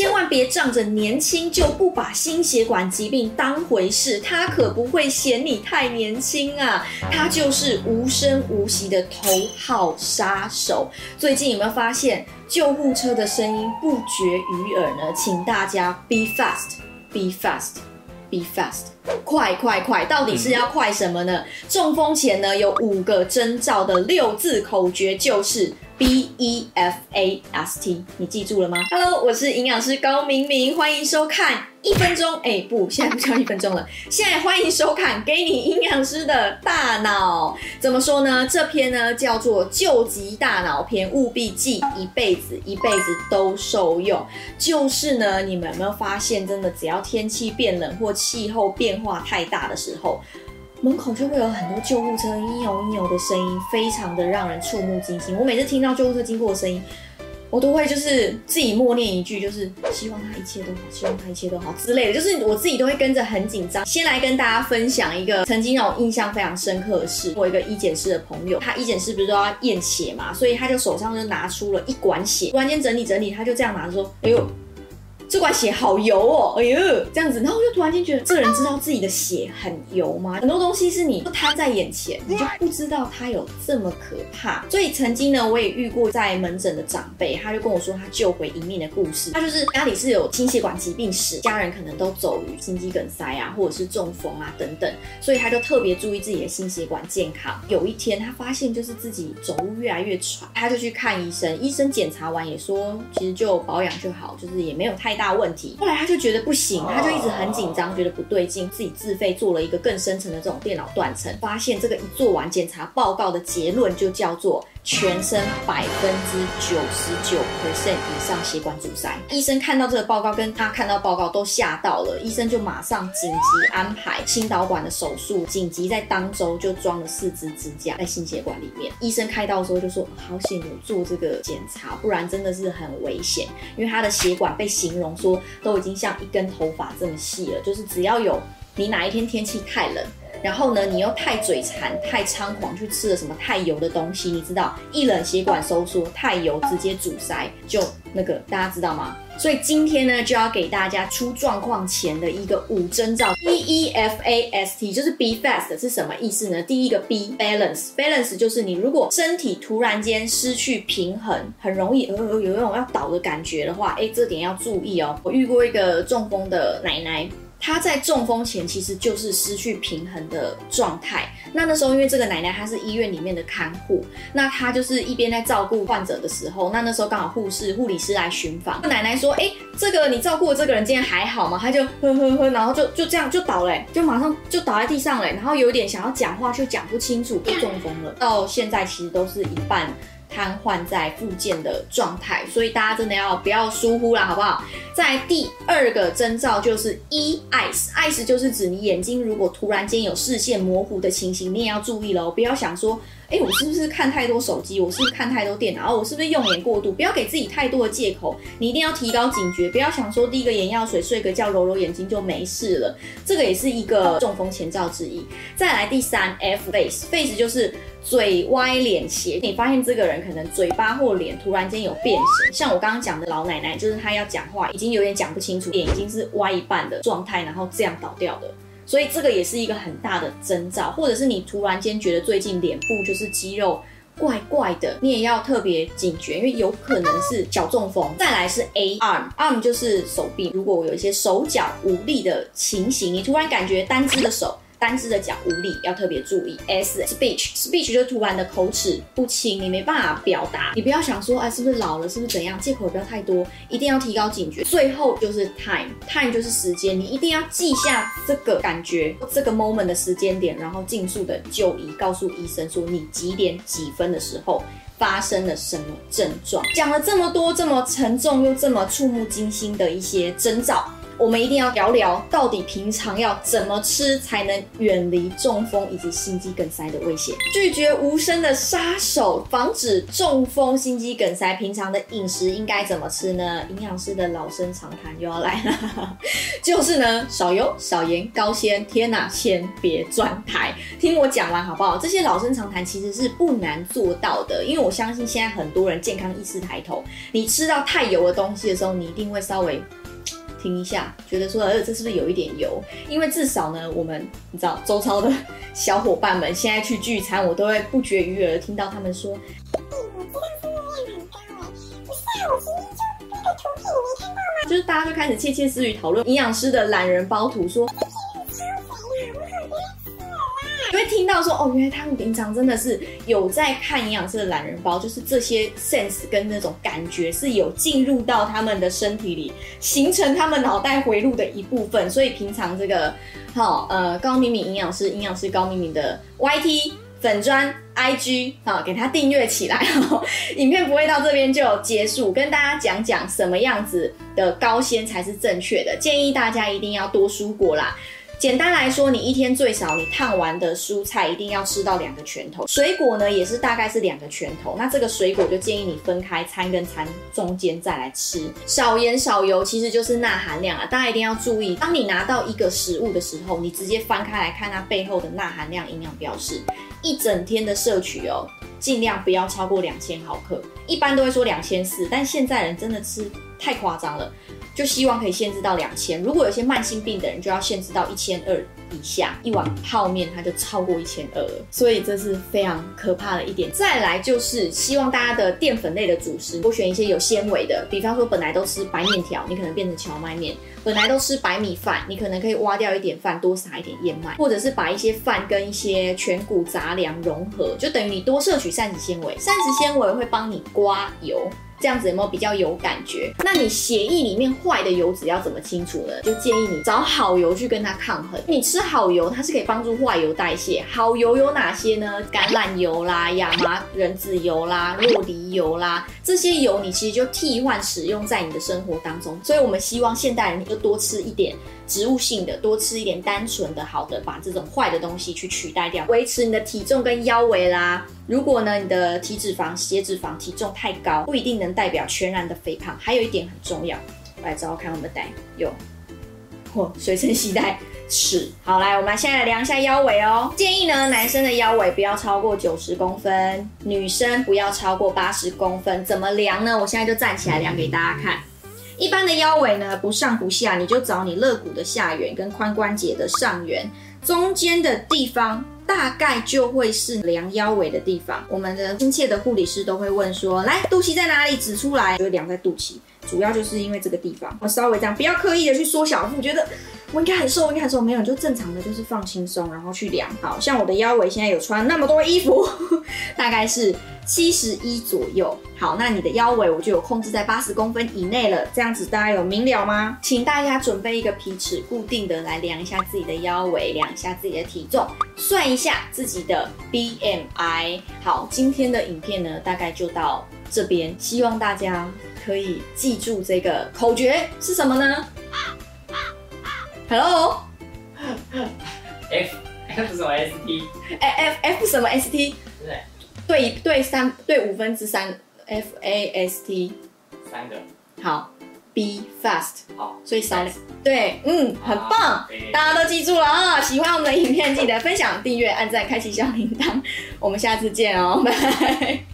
千萬別仗着年輕就不把心血管疾病當回事，他可不會嫌你太年輕啊！他就是無聲無息的頭號殺手。最近有沒有發現救護車的聲音不絕於耳呢？請大家 be fast, be fast, be fast，快快快！到底是要快什麼呢？中風前呢有五個徵兆的六字口訣就是。B E F A S T，你記住了嗎？Hello，我是營養師高明明，歡迎收看一分鐘。哎、欸，不，現在不叫一分鐘了，現在歡迎收看《給你營養師的大腦》。怎麼說呢？這篇呢叫做救急大腦篇，務必記一輩子，一輩子都受用。就是呢，你們有沒有發現，真的只要天氣變冷或氣候變化太大的時候，門口就會有很多救護車，一扭一扭的聲音，非常的讓人觸目驚心。我每次聽到救護車經過的聲音，我都會就是自己默念一句，就是希望他一切都好，希望他一切都好之類的，就是我自己都會跟着很緊張。先來跟大家分享一個曾經讓我印象非常深刻的事，我一個醫檢師的朋友，他醫檢師不是都要驗血嘛，所以他就手上就拿出了一管血，突然間整理整理，他就這樣拿着說，哎呦。這管血好油哦，哎呦，這樣子，然後我就突然間覺得這個人知道自己的血很油嗎？很多東西是你攤在眼前，你就不知道它有這麼可怕。所以曾經呢，我也遇過在門診的長輩，他就跟我說他救回一命的故事。他就是家裡是有心血管疾病史，家人可能都走於心肌梗塞啊，或者是中風啊等等，所以他就特別注意自己的心血管健康。有一天他發現就是自己走路越來越喘，他就去看醫生，醫生檢查完也說，其實就保養就好，就是也沒有太。大問題，後來他就覺得不行，他就一直很緊張，覺得不對勁，自己自費做了一個更深層的這種電腦斷層，發現這個一做完檢查報告的結論就叫做。全身百分之九十九 percent 以上血管阻塞，醫生看到這個報告，跟他看到報告都嚇到了。醫生就馬上緊急安排心導管的手術，緊急在當周就裝了四支支架在心血管裡面。醫生開刀的時候就說：好險有做這個檢查，不然真的是很危險。因為他的血管被形容說都已經像一根頭髮這麼細了，就是只要有你哪一天天氣太冷。然後呢，你又太嘴饞、太猖狂，去吃了什麼太油的東西，你知道，一冷血管收縮，太油直接阻塞，就那個，大家知道嗎？所以今天呢，就要給大家出狀況前的一個五徵兆，B E F A S T，就是 Be Fast 是什麼意思呢？第一個 B Balance, Balance 就是你如果身體突然間失去平衡，很容易呃、呃有一種要倒的感覺的話，誒這點要注意哦。我遇過一個中風的奶奶。他在中風前其實就是失去平衡的狀態。那那時候因為這個奶奶她是醫院裡面的看護，那她就是一邊在照顧患者的時候，那那時候剛好護士護理師來巡房，那奶奶說：“哎、欸，這個你照顧的這個人今天還好嗎？”她就呵呵呵，然後就就這樣就倒嘞、欸，就馬上就倒在地上嘞、欸，然後有點想要講話就講不清楚，就中風了。到現在其實都是一半。癱瘓在復健的狀態，所以大家真的要不要疏忽啦，好不好？再來第二個徵兆就是一、e、eyes，eyes 就是指你眼睛如果突然間有視線模糊的情形，你也要注意嘍，不要想說。哎，我是不是看太多手機？我是不是看太多電腦？我是不是用眼過度？不要給自己太多的借口，你一定要提高警覺，不要想說滴個眼藥水、睡個覺、揉揉眼睛就沒事了。這個也是一個中風前兆之一。再來第三，F face face 就是嘴歪臉斜。你發現這個人可能嘴巴或臉突然間有變形，像我剛剛講的老奶奶，就是她要講話已經有點講不清楚，臉已經是歪一半的狀態，然後這樣倒掉的。所以這個也是一個很大的徵兆，或者是你突然間覺得最近臉部就是肌肉怪怪的，你也要特別警覺，因為有可能是小中風。再來是 A arm，arm Arm 就是手臂，如果我有一些手腳無力的情形，你突然感覺單只的手，單肢的腳無力，要特別注意。S speech speech 就是突然的口齒不清，你沒辦法表達，你不要想說，啊、哎，是不是老了，是不是怎樣？借口不要太多，一定要提高警覺。最後就是 time time 就是時間，你一定要記下這個感覺，這個 moment 的時間點，然後盡速的就醫，告訴醫生說你幾點幾分的時候發生了什麼症狀。講了這麼多，這麼沉重又這麼觸目驚心的一些徵兆。我們一定要聊聊，到底平常要怎麼吃才能遠離中風以及心肌梗塞的危險。拒絕無聲的殺手，防止中風、心肌梗塞，平常的飲食應該怎麼吃呢？營養師的老生常談又要來了， 就是呢，少油、少鹽、高纖。天哪，先別轉台，聽我講完好不好？這些老生常談其實是不難做到的，因為我相信現在很多人健康意識抬頭。你吃到太油的東西的時候，你一定會稍微，聽一下，覺得說，呃，這是不是有一點油？因為至少呢，我們你知道，周超的小伙伴們現在去聚餐，我都會不絕於耳的聽到他們說，弟、嗯、知道今日量很高哎，不是、啊、我今天就這個圖片你沒看到嗎？就是大家就開始竊竊私語討論營養師的懶人包圖，說。要說哦，原來他們平常真的是有在看營養師的懶人包，就是這些 sense 跟那種感覺是有進入到他們的身體裡，形成他們腦袋迴路的一部分。所以平常這個好、哦、呃高敏敏營養師，營養師高敏敏的 YT 粉專 IG 啊、哦，給他訂閱起來哦。影片不會到這邊就結束，跟大家講講什麼樣子的高纖才是正確的，建議大家一定要多蔬果啦。簡單來說，你一天最少你燙完的蔬菜一定要吃到兩個拳頭，水果呢也是大概是兩個拳頭。那這個水果就建議你分開餐跟餐中間再來吃。少鹽少油其實就是鈉含量啊，大家一定要注意。當你拿到一個食物的時候，你直接翻開來看它背後的鈉含量營養標示。一整天的攝取哦、喔，盡量不要超過兩千毫克，一般都會說兩千四，但現在人真的吃太誇張了。就希望可以限制到兩千，如果有些慢性病的人，就要限制到一千二以下。一碗泡麵，它就超過一千二了，所以這是非常可怕的一點。再來就是希望大家的澱粉類的主食，多選一些有纖維的，比方說本來都吃白麵條，你可能變成蕎麥麵；本來都吃白米飯，你可能可以挖掉一點飯，多撒一點燕麥，或者是把一些飯跟一些全穀雜糧融合，就等於你多攝取膳食纖維，膳食纖維會幫你刮油。這樣子有沒有比較有感覺？那你血液裡面壞的油脂要怎麼清除呢？就建議你找好油去跟它抗衡。你吃好油，它是可以幫助壞油代謝。好油有哪些呢？橄欖油啦、亞麻仁籽油啦、酪梨油啦，這些油你其實就替換使用在你的生活當中。所以我們希望現代人你就多吃一點。植物性的多吃一點，單純的好的，把這種壞的東西去取代掉，維持你的體重跟腰圍啦。如果呢你的體脂肪、血脂肪、體重太高，不一定能代表全然的肥胖。還有一點很重要，來找我看我們帶有我、哦、隨身攜帶尺。好，來，我們現在來量一下腰圍哦。建議呢男生的腰圍不要超過九十公分，女生不要超過八十公分。怎麼量呢？我現在就站起來量給大家看。嗯嗯嗯一般的腰圍呢，不上不下，你就找你肋骨的下緣跟髖關節的上緣，中間的地方大概就會是量腰圍的地方。我們的親切的護理師都會問說，來，肚臍在哪裡？指出來，就量在肚臍。主要就是因為這個地方，我稍微這樣，不要刻意的去縮小，我覺得。我應該很瘦，我應該很瘦，沒有，就正常的就是放輕鬆，然後去量。好，像我的腰圍現在有穿那麼多衣服，大概是七十一左右。好，那你的腰圍我就有控制在八十公分以內了，這樣子大家有明了嗎？請大家準備一個皮尺，固定的來量一下自己的腰圍，量一下自己的體重，算一下自己的 BMI。好，今天的影片呢，大概就到這邊，希望大家可以記住這個口訣是什麼呢？Hello，F F 什麼 S T？哎，F F 什麼 S T？對，對，三，對五分之三，F A S T，三個。好，B fast。好，所以三對，嗯，啊、很棒，okay. 大家都記住了啊！喜歡我們的影片，記得分享、訂閱、按讚、開啟小鈴鐺。我們下次見哦、喔，拜拜。